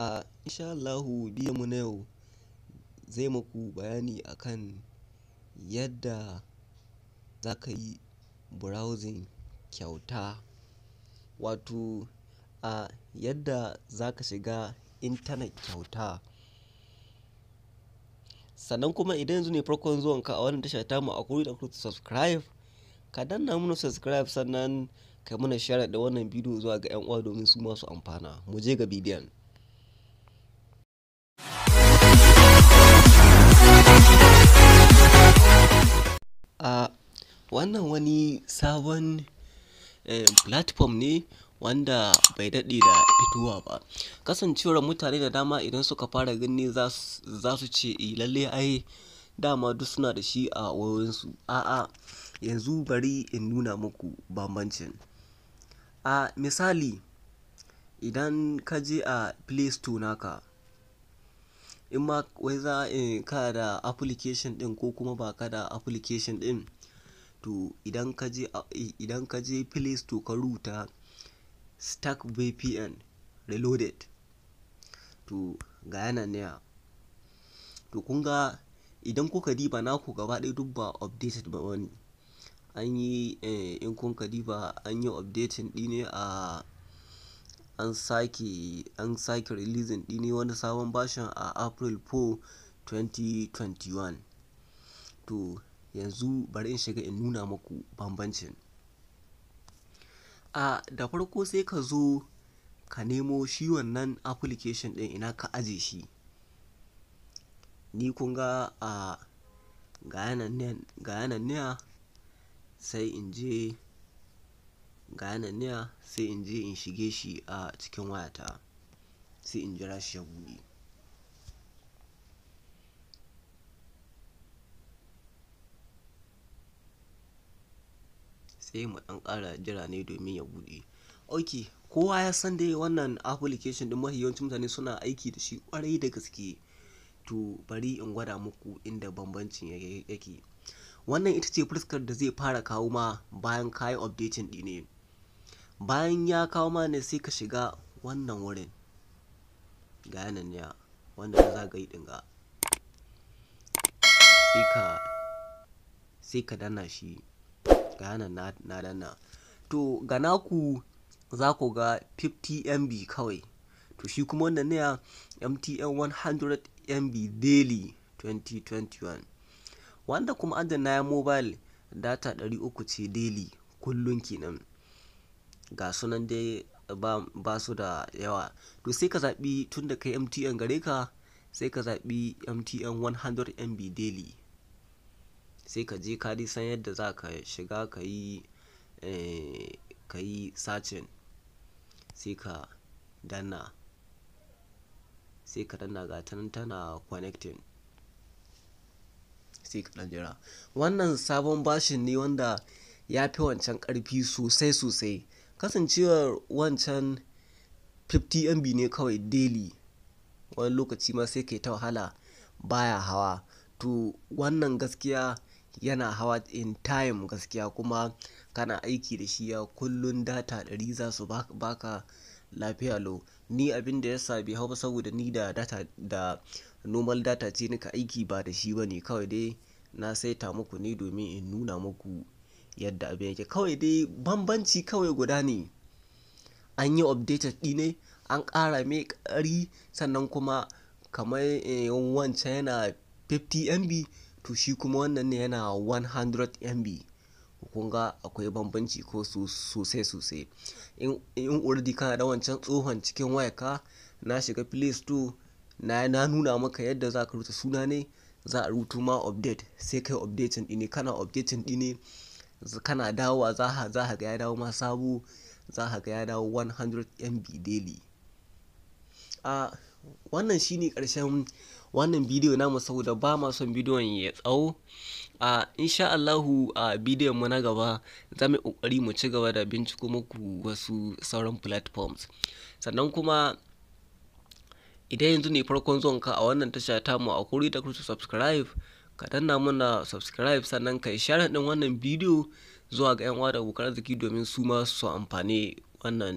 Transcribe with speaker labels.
Speaker 1: A insha Allahu mu na yau zai maku bayani akan yadda za ka yi browsing kyauta, wato a yadda za ka shiga intanet kyauta. Sannan kuma idan yanzu ne farkon zuwan ka a wannan tasha mu akwai da ku subscribe, ka danna mana subscribe sannan ka mana share da wannan bidiyo zuwa ga 'yan uwa domin su masu su amfana. Mu je ga bidiyon. A'a, wannan wani sabon, eh, platform ne wanda bai daɗe da fitowa ba. Kasancewar mutane da dama idan suka fara gani za su, ce, eh, lalle ai dama duk suna da shi a wayoyinsu." A'a, yanzu bari in nuna muku bambancin. A misali, idan ka je a Play Store naka. in ma wai za eh, ka da application ɗin ko kuma ba ka da application ɗin to idan ka je idan ka je play store ka ruta stack vpn reloaded to ga yana ne to kun ga idan kuka diba naku gaba ɗaya duk ba updated ba wani an yi eh, in kun ka diba an yi updating ɗi ne a an sake an sake releasing dini wani sabon bashin a April 4, 2021. To yanzu bari in shiga in nuna muku bambancin. A da farko sai ka zo ka nemo shi wannan application din ina ka aje shi. Ni kun ga a ga yanan sai in je ga yananiya sai in je in shige shi a cikin wayata sai in jira shi ya buɗe sai mu ɗan ƙara jira ne domin ya buɗe ok kowa ya san dai wannan application din mafi yawancin mutane suna aiki da shi kwarai da gaske to bari in gwada muku inda bambancin yake wannan ita ce fuskar da zai fara kawo ma bayan kayan updating ne. bayan ya kawo ma ne sai ka shiga wannan wurin ga yanan ya wanda za ga sai ka sai ka dana shi ga yanan na, dana to ga naku za ku ga 50 mb kawai to shi kuma wannan ne mtn 100 mb daily 2021 wanda kuma adana ya mobile data 300 ce daily kullum kenan ga sunan dai ba su da yawa to sai ka zaɓi tun da kai mtn gare ka sai ka zaɓi mtn 100 mb daily sai ka je ka san yadda za ka shiga ka yi eh, sachin sai ka danna sai ka danna ga ta tana connecting sai ka dan jira wannan sabon bashin ne wanda ya fi wancan ƙarfi sosai sosai Kasancewar wancan 50 MB ne kawai daily, wani lokaci ma sai kai ta wahala baya hawa. To wannan gaskiya yana hawa in time gaskiya kuma kana aiki da shi ya kullun data ɗari za su baka lafiya lo Ni abin da ya sabi hau saboda ni da data da normal data ce nika aiki ba da shi ba ne kawai dai na saita muku ne domin in nuna muku. yadda abin yake kawai dai bambanci kawai guda ne an yi updated ɗi an ƙara mai ƙari sannan kuma kamar eh, wancan yana 50 mb to shi kuma wannan ne yana 100 mb kunga akwai bambanci ko sosai sosai in urdi kana da wancan tsohon cikin ka na shiga play store na nuna maka yadda za ka rubuta suna ne za a rutu ma update sai kai updating ɗine kana updating ɗine kana dawowa za ka ga ya dawo ma Sabu za ka ga ya dawo 100 mb daily a wannan shine karshen wannan bidiyo namu saboda ba ma son bidiyon ya tsawo a insha Allah a bidiyon mu na gaba za mu kokari mu ci gaba da binciko muku wasu sauran platforms sannan kuma idan yanzu ne farkon zuwanka a wannan tasha mu a kuri da ku subscribe ka danna muna subscribe sannan ka share din wannan bidiyo zuwa ga 'yan uwa da abokan arziki domin su ma su amfani wannan